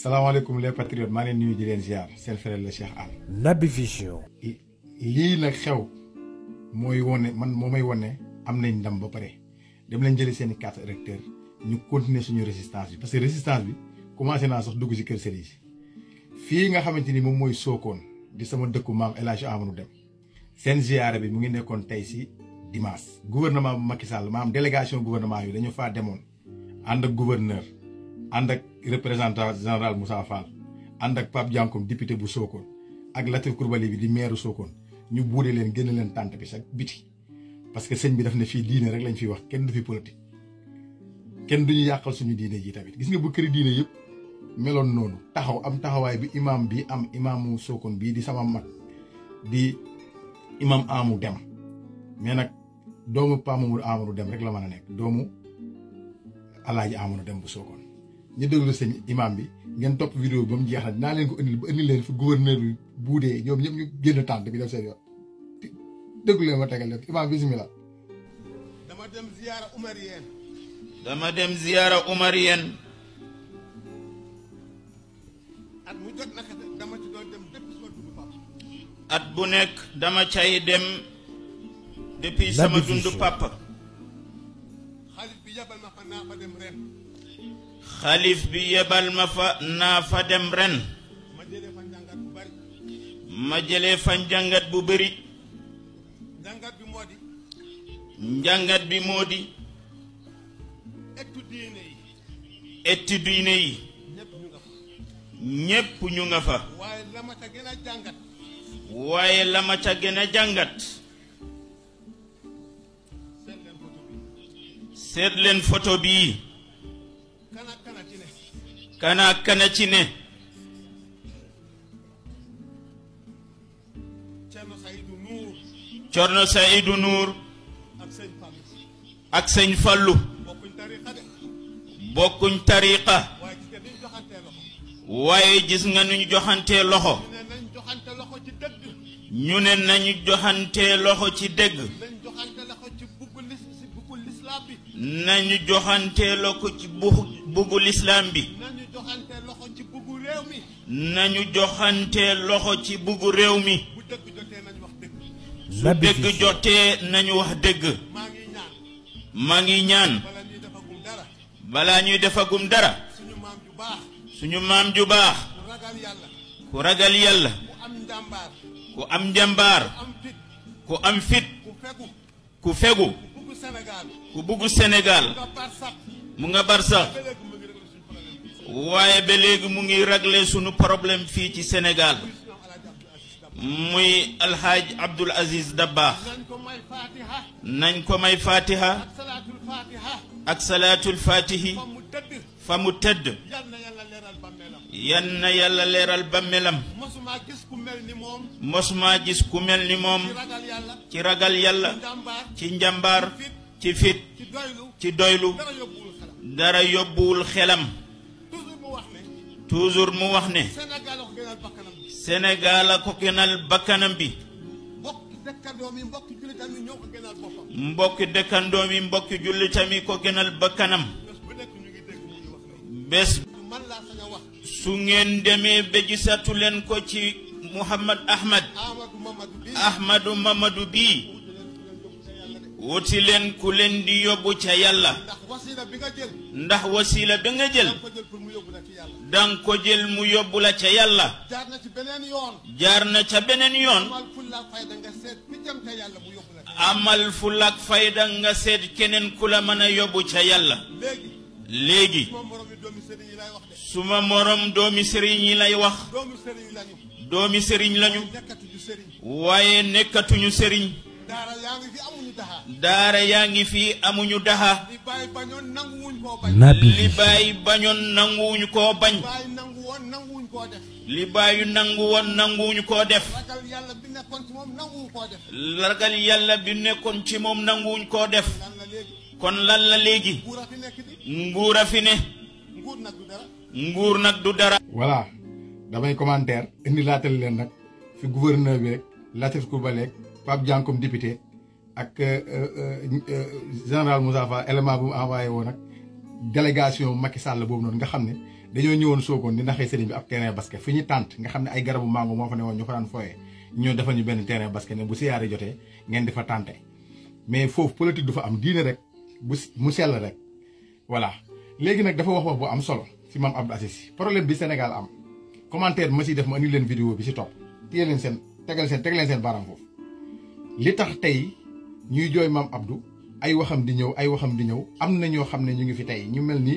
salaamaaleykum les patriotes maa leen nuyu di leen ziar seen frère la Cheikh Al. Naby lii nag xew mooy wone man moo may wone am nañ ndam ba pare dem lañ jëlee seen i carte électeur ñu continuer suñu résistance bi parce que résistance bi commencé naa sax dugg si kër sëriñ si fii nga xamante ni moom mooy sookoon di sama dëkku maam El Hadj dem Deme seen ziar bi mu ngi nekkoon tey si dimanche. gouvernement bu Macky Sall maam délégation gouvernement yi dañu faa demoon ànd ak gouverneur. ànd ak représentant général Moussa Fall ànd ak Pape Diankoum député bu Sokone ak Latif Coulibaly bi di maire sookoon ñu buure leen génn leen tànt bi sax biti parce que sëñ bi daf ne fii diine rek lañu fiy wax kenn du fi politique kenn du duñu yàqal suñu diine ji tamit gis nga bu këri diine yëpp meloon noonu taxaw am taxawaay bi imaam bi am imaamu sookoon bii di sama mag di imaam amu dem mais nag doomu Pa Mamadou Amadou dem rek la mën a nekk doomu alaaji Amadou dem bu Sokone ñu déglu sëñ imam bi ngeen topp vidéo bi ba mu jeex na dinaa leen ko indil ba indil leen fi gouverneur bi buudee ñoom ñëpp ñu génn tànt bi def seen yoon déglu leen ma tegal leen imam bismillah dama dem ziyaara dama dem ziyaara umariyeen at mu at bu nekk dama cay dem depuis sama dundu papa xaalis bi yabal ma fa xalif bi yebal ma fa naa fa dem ren ma jëlee fa njàngat bu bari njàngat bi moo di diine yi ñépp ñu nga fa waaye la ma ca gën a jàngat waaye foto ma bii kana kana ci ne Cerno Saydu Nuur ak sëñ Fallu bokkuñ tariqa waaye gis nga nuñ joxantee loxo ñu ne nañu joxantee loxo ci dëgg nañu joxantee loxo ci buggu lislaam bi joxante loxo joxante loxo ci buggu réew mi. bu dëgg jotee wax dëgg. su dëgg jotee nañu wax dëgg. maa ngi ñaan. maa balaa ñuy defagum dara. balaa suñu maam ju baax. suñu maam ku ragal yàlla. ku am njàmbaar. ku am njàmbaar. ku am fegu. ku bugg Sénégal. mu nga bar waaye ba léegi mu ngi régler sunu problème fii ci Sénégal muy alxaaj Abdul Aziz Dabakh nañ ko may fatiha ak salatul fatihi fa mu tëdd yanna yàlla leral bàmmeelam mosuma gis ku mel ni moom ci ragal yàlla ci njàmbaar ci fit ci doylu dara yóbbuwul xelam toujours mu wax ne Sénégal a ko gënal bakkanam bi mbokki dëkkandoom yi mbokki jullitam ko gënal bakkanam bés su ngeen demee ba gisatu leen ko ci Mouhamad Ahmad Ahmadu Mamadou bii wuti leen ku leen di yóbbu ca yàlla ndax wasiila bi nga jël danga ko jël mu yóbbu la ca yàlla jaar na ca beneen yoon amal fulak fayda nga seet keneen ku la mën a yóbbu ca yàlla léegi suma moroom doomi sëriñ yi lay wax doomi sëriñ lañu waaye nekkatuñu sëriñ daara yaa daara yaa ngi fi amuñu daxa. li nanguwuñ koo bañ. nabi li baay koo def. yàlla bi nekkoon ci moom nanguwuñ koo def. kon lan la léegi. nguur a fi ne. nguur nag du dara. nguur nag du dara. voilà damay commentaire indi laatal leen nag fi gouverneur beeg Latif Coulibaly Pape Dieng comme député ak euh, euh, euh, général Moussa Fall élément bu mu envoyé woon ak délégation Macky Sall boobu noonu nga xam ne dañoo ñëwoon Sokone di naxee sëriñ bi ab terrain basket fi ñu tànt nga xam ne ay garabu mango moo fa ne woon ñu ko daan fooyee ñoo ñu benn terrain basket ne bu siyaare jotee ngeen di fa tànte mais foofu politique du fa am diine rek bu mu sell rek voilà léegi nag dafa wax wax bu am solo si maam Abdou Aziz problème bi Sénégal am commentaire ma si def ma indi leen vidéo bi si topp téye leen seen tegal seen teg leen seen baaraam li tax tey ñuy jooy maam abdu ay waxam di ñëw ay waxam di ñëw am na ñoo xam ne ñu ngi fi tey ñu mel ni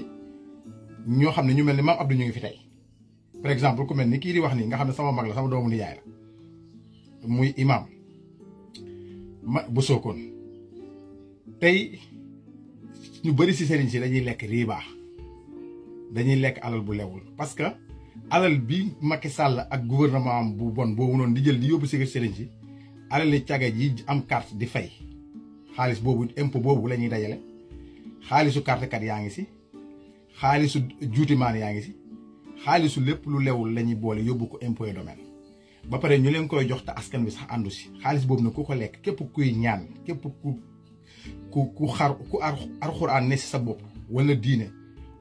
ñoo xam ne ñu mel ni maam Abdou ñu ngi fi tey par exemple ku mel ni kii di wax nii nga xam ne sama mag la sama doomu nijaay la muy imaam ma bu sookoon tey ñu bëri si sëriñ si dañuy lekk riba dañuy lekk alal bu lewul parce que alal bi Macky sàll ak gouvernement bu bon boobu noonu di jël di yóbbu si sëriñ si alali caga ji am carte di fay xaalis boobu impôt boobu lañuy ñuy dajale xaalisu carte yaa ngi si xaalisu juutimaan yaa ngi si xaalisu lépp lu lewul la ñuy boole yóbbu ko impôt et domaine ba pare ñu leen koy jox te askan bi sax àndu si xaalis boobu nag ku ko lekk képp kuy ñaan képp ku ku ku xar ku ar ne si sa bopp walla diine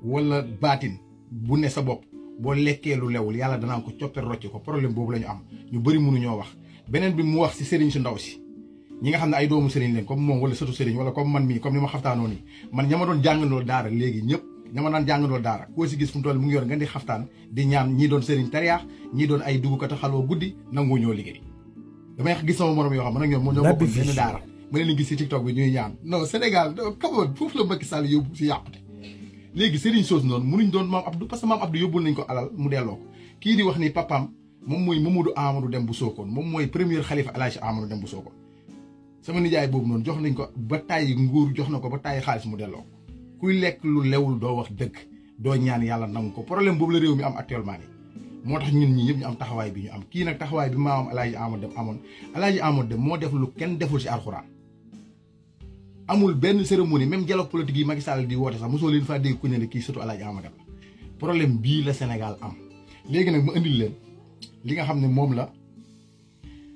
walla baatin bu ne sa bopp boo lekkee lu lewul yàlla dana ko coppe rocci ko problème boobu lañu am ñu bëri mënuñoo wax beneen bi mu wax si sëriñ su ndaw si ñi nga xam ne ay doomu sëriñ leen comme moom wala sëtu sëriñ wala comme man mii comme ni ma xaftaanoo nii man ña ma doon jàngandoo daara léegi ñëpp ña ma daara koo si gis fu mu toll mu ngi yor nga di xaftaan di ñaan ñii doon sëriñ tariyaax ñii doon ay dugukata xaloo guddi nangu ñoo liggéey damay gis sama morom yoo xam man ak ñoom moo ñoo bokk benn daara ma leen gis si bi ñuy ñaan non Sénégal come on foofu la Sall yóbbu si léegi Serigne Sos noonu munuñ doon maam Abdou parce que maam Abdou yóbbul nañ ko alal mu delloo ko kii di wax ni papaam moom mooy Mamadou Amadou dem bu Sokone moom mooy premier xalifa Alaaji Amadou dem bu Sokone sama nijaay boobu noonu jox nañ ko ba tàyyi nguur jox na ko ba tàyyi xaalis mu delloo ko kuy lekk lu lewul doo wax dëgg doo ñaan yàlla nangu ko problème boobu la réew mi am actuellement nii moo tax ñun ñi ñëpp ñu am taxawaay bi ñu am kii nag taxawaay bi maamam Alaaji Amadou dem amoon Alaaji Amadou dem moo def lu kenn deful ci alxuraan amul ben cérémonie même dialogue politique yi Macky Sall di wote sax mosoo len fa dégg ku ne ki surtout Alaaji Amagat la problème bi la Sénégal am légui nak ma andil, len li nga xamné mom la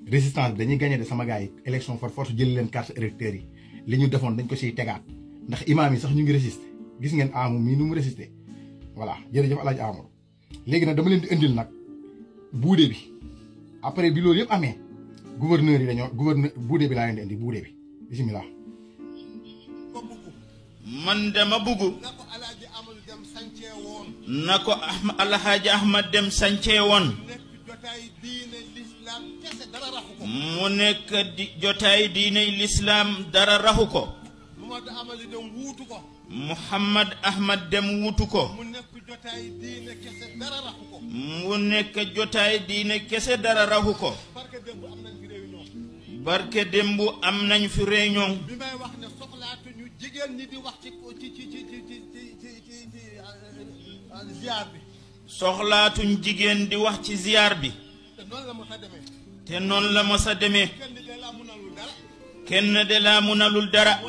résistance dañuy gagner de sama gaay élection for force jël len carte électeur yi li ñu defoon dañ ko ci tégaat ndax imam yi sax ñu ngi résister gis ngeen amu mi nu mu résister voilà jëf Alaaji Amar légui nak dama len di andil nak boudé bi après bi lool yépp amé gouverneur yi dañu gouverneur boudé bi la di indi bi bismillah man dama bugg na ko alxaaji ahmad dem sancee woon mu nekk jotaay diiney lislaam dara raxu ko muhammad ahmad dem wuutu ko mu nekk jotaay diine kese dara raxu ko barke démb am nañ fi réunion jigéen ñi di wax soxlaatuñ jigéen di wax ci ziar bi. te noonu la mos a te noonu la mos a demee. kenn de laa munalul dara.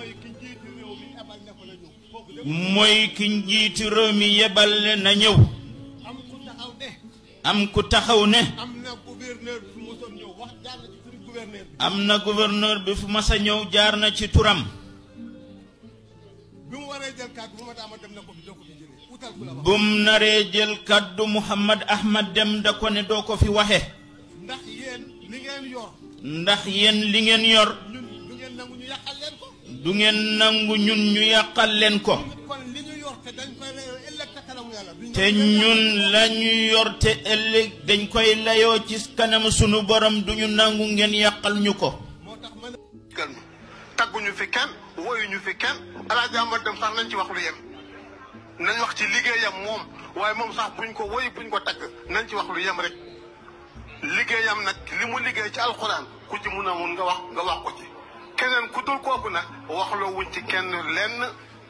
mooy ki njiitu réew mi yebal na ñëw. am ku taxaw ne. am na gouverneur bi. bi fu mas a ñëw jaar na ci turam. bum naree jël kàddu Mouhamad Ahmad dem da ko ne doo ko fi waxe ndax yéen li ngeen yor. ndax li ngeen yor. du ngeen nangu du ngeen nangu ñun ñu yàqal leen ko. te ñun la ñu yor te ëllëg dañ koy layoo ci kanam sunu borom du ñu nangu ngeen yàqal ñu ko. woyuñu fi kenn alaaji Amar Dème sax nañ ci wax lu yem nañ wax ci liggéeyam moom waaye moom sax buñ ko woy buñ ko tagg nañ ci wax lu yem rek liggéeyam nag li mu liggéey ci alxuraan ku ci mun a mun nga wax nga wax ko ci keneen ku dul kooku nag waxloo wuñ ci kenn lenn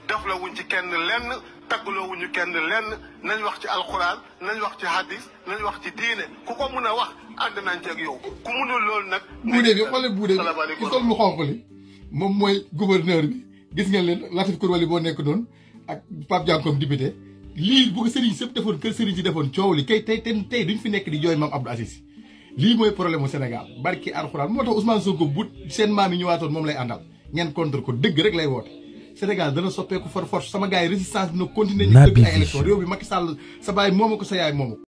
defloo wuñ ci kenn lenn taggloo wuñu kenn lenn nañ wax ci alxuraan nañ wax ci hadis nañ wax ci diine ku ko mun a wax ànd nañ ci ak yow ku munul loolu nag. buude bi xoolal buude bi ki sol lu xonq li moom mooy gouverneur bi gis ngeen leen Latif Coulibaly boo nekk noonu ak Pape Diankom député lii bu ko sëriñ sëpp defoon kër sëriñ si defoon coow li kay tey tey tey duñ fi nekk di jooy maam Abdou Aziz lii mooy problème mu Sénégal barki alxuraan moo tax Ousmane Sonko bu seen maam yi ñëwaatoon moom lay àndal ngeen contre ko dëgg rek lay woote Sénégal dana soppeeku far force sama gars yi résistance dina continuer ñu dëgg ay élection réew bi Macky sa baay moomu ko sa yaay moomu